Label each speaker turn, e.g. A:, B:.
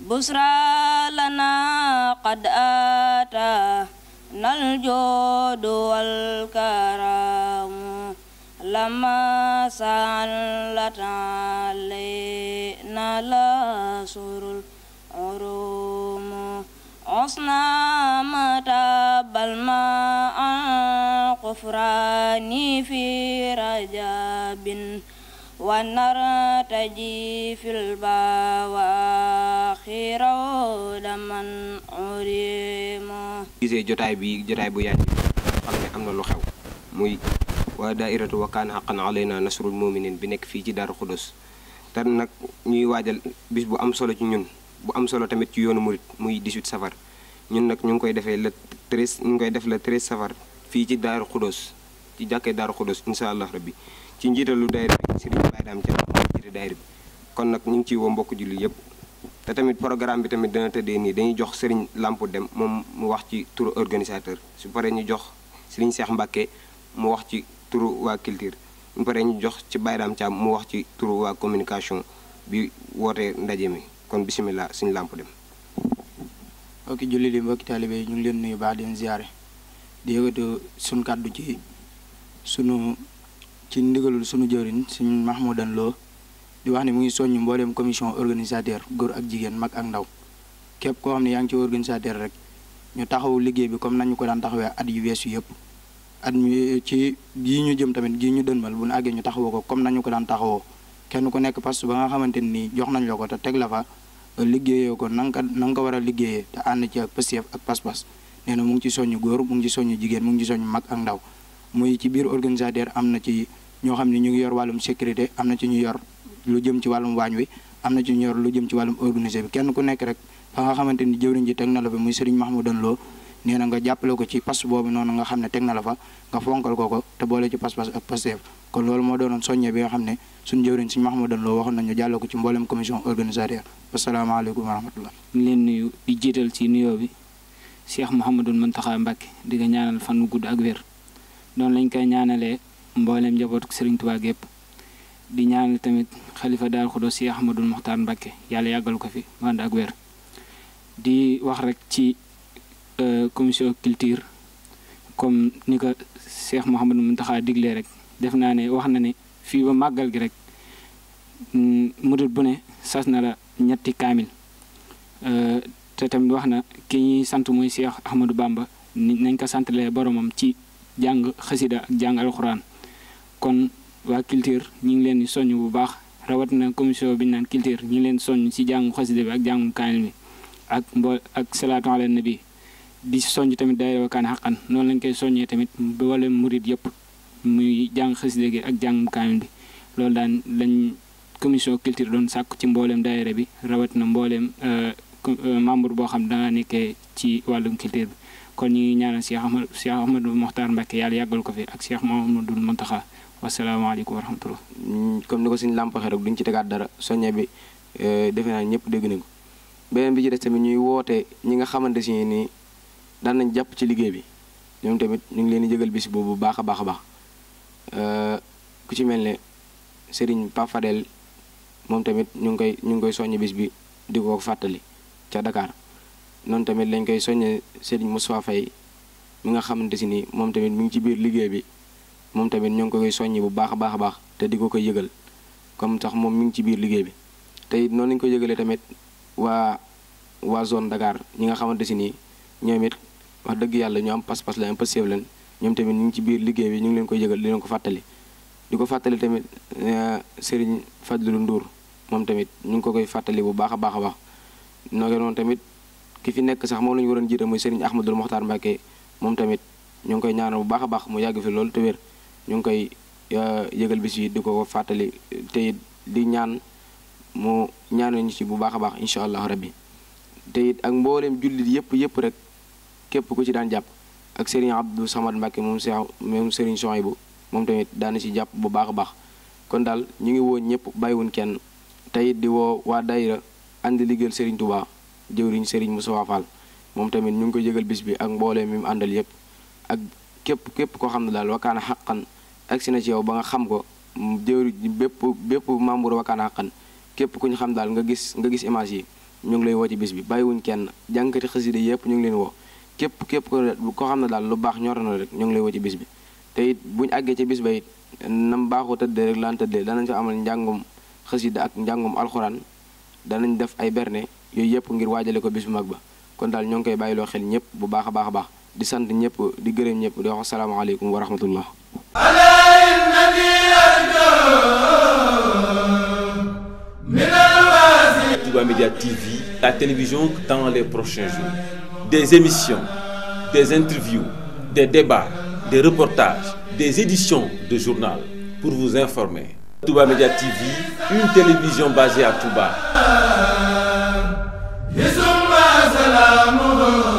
A: بشرى لنا قد آتانا الجود والكرم لما سألت علينا لسر العروم عصنا متاب الماء قفران في رجاب والنار تجي في البواخر لمن عريمه
B: gisee jotaay bi jotaay bu yaay xam ne am na lu xew muy waa daairatu wakaan xaqan alayna nasrul muminin bi nekk fii ci daaru xudus te bis bu am solo ci bu am solo tamit ci yoonu murit muy 18 safar ñun nag ñu ngi tres defee le 13 ñu ngi koy safar fii ci daaru xudus ci jàkkee daaru xudus allah rabbi ci njiitalu daayira bi Serigne Baye Dame Thiam jiite daayira bi kon nag ñu ngi ciy woo mbokk julli yëpp te tamit programme bi tamit dana tëddee nii dañuy jox sëriñ Lamp Dem moom mu wax ci turu organisateur su paree ñu jox Serigne Cheikh Mbacké mu wax ci turu waa culture mu paree ñu jox ci Baye Dame mu wax ci turu waa communication bi wootee ndaje mi kon bisimilah suñ Lamp Dem.
A: mbokki julli di mbokki taalibe ñu ngi leen nuyu baax di leen ziare di yëgatu sunu kàddu ci sunu. ci ndigalul sunu jëwriñ Sëriñ Mahmoudan loo di wax ne mu ngi soññ mbooleem commission organisateur góor ak jigéen mag ak ndaw képp koo xam ne yaa ngi ci organisateur rek ñu taxaw liggéey bi comme nañu ko daan taxawee at yu weesu yëpp at ci gii ñu jëm tamit gii ñu dënmal bu ñu àggee ñu taxawoo ko comme nañu ko daan taxawoo kenn ku nekk parce que ba nga xamante ni jox nañ la ko te teg la fa liggéeyee ko na nga ko na nga ko war a liggéeyee te ànd ci ak pëstéef ak pas-pas nee mu ngi ci soññ góor mu ngi ci soññ jigéen mu ngi ci soññ mag ak ndaw muy ci biir organisateur am na ci ñoo xam ne ñu ngi yor wàllum sécurité am na ci ñu yor lu jëm ci wàllum wi am na ci ñu lu jëm ci wàllum organisé bi kenn ku nekk rek fa nga xamante ni jëwriñ ji teg na la fa muy Serigne Mahmoudane Lo nee na nga jàppale ko ci pas boobu noonu nga xam ne teg la fa nga fonkal ko ko te boole ci pas-pas ak Pastef kon loolu moo doonoon soññe bi nga xam ne suñu jëwriñ Serigne Mahmoudane Lo waxoon nañu jàllale ko ci mboolem commission organisateur asalaamaaleykum wa rahmatullah
C: leen nuyu di jiital ci nuyoo bi Cheikh Mouhamadou Mountakha Mbacké di nga ñaanal fan wu gudd ak wér noonu lañ koy ñaanalee mboolem njabootuk sëriñ tubaa gépp di ñaanal tamit khalifa daal xudo si ahmadul muxtaar mbakke ya yàggal ko fi mu ak di wax rek ci euh, commission culture comme ni ko cheikh mohamadou muntaxa diglee rek def naa ne wax na ne fii ba màggal gi rek mm, murit bu ne sas na la ñetti kamil euh, te tamit wax na ki ñuy sant muy cheikh ahmadou bamba nañ ko santalee boromam ci jang xasida ak jàng kon waa culture ñu ngi leen di soññ bu baax rawat na commission bi naan culture ñu leen soññ ci jàngu xasida bi ak jàngu kaamil bi ak mbo ak salaatu ala nabi di soññ tamit daayira Wakana Haqqan noonu lañ koy soññee tamit wala murit yëpp muy jàng xasida gi ak jàngu kaamil bi loolu daan lañ commission culture doon sàkk ci mbooleem daayira bi rawat na mbooleem euh, euh, membre boo xam danga nekkee ci wàllum culture bi kon ñi ngi ñaanal cheikh ahmad cheikh ahmadou mokhtar mbacke yalla yagal ko fi ak cheikh mamadou muntaha wassalamu alaykum wa rahmatullah
D: mm, comme niko señ lamp xere duñ ci tegat dara soñé bi euh defé na ñepp dégg nañ ko benen bi ci dess tamit ñuy wote ñi nga xamanteni ni dan nañ japp ci liggéey bi ñoom tamit ñu ngi leen di jëgal bis boobu baaxa baaxa baax eh, ku ci mel ne sëriñ pafadel moom tamit ñu ngi koy ñu ngi koy soññ bis bi di ko ca dakar noonu tamit lañ koy soññee Serigne Moussa Faye mi nga xamante si ni moom tamit mi ngi ci biir liggéey bi moom tamit ñoo ngi koy soññi bu baax a baax a baax te di ko koy yëgal comme sax moom mi ngi ci biir liggéey bi te noonu lañ ko yëgalee tamit waa waa zone Dakar ñi nga xamante si nii ñoom it wax dëgg yàlla ñu am pas-pas la impossible leen ñoom tamit ñu ngi ci biir liggéey bi ñu ngi leen koy yëgal di leen ko fàttali di ko fàttali tamit eh, Serigne Fadlou Ndour moom tamit ñu ngi ko koy fàttali bu baax a baax a baax noonu tamit ki fi nekk sax moom la waroon jiite muy Serigne Ahmadul Mokhtar Mbacke moom tamit ñu ngi koy ñaanal bu baax a baax mu yàgg fi loolu te wér ñu ngi koy euh, yëgal bis yi di ko fàttali te di ñaan mu ñaanal ñu ci bu baax a baax incha allah rabbi te it ak mbooleem jullit yëpp yëpp rek képp ku ci daan jàpp ak Serigne Abdou Samad Mbacke moom Seex moom Serigne bu moom tamit daana ci jàpp bu baax a baax kon daal ñu ngi woo ñëpp bàyyiwuñ kenn te di woo waa dayra ànd liggéeyal Serigne Touba. jëwriñ Serigne Moussa Fall moom tamit ñu ngi koy yëgal bis bi ak mboolee mi mu àndal yëpp ak képp képp koo xam ne daal wakkaana xaqan agsi na ci yow ba nga xam ko jëwri bépp bépp membre wakkaana xaqan képp ku ñu xam daal nga gis nga gis image yi ñu ngi lay woo ci bis bi bàyyiwuñ kenn jànkati xasida yëpp ñu ngi leen woo képp képp koo xam ne daal lu baax ñor na rek ñu ngi lay woo ci bis bi te it buñu àggee ci bis bayit it nam baaxoo tëddee rek laan tëddee danañ fa amal njàngum xasida ak njàngum alxuraan danañ def ay berne yooyu yëpp ngir waajale ko bis bu mag ba kon daal ñoo ngi koy bàyyiloo xel ñëpp bu baax a baax a baax di sant ñëpp di gërëm ñëpp di wax asalaamaaleykum wa rahmatullah Média TV, la télévision dans les prochains jours. Des émissions, des interviews, des débats, des reportages, des éditions de journal pour vous informer. Touba Média TV, une télévision basée à Touba. isum wa salaamu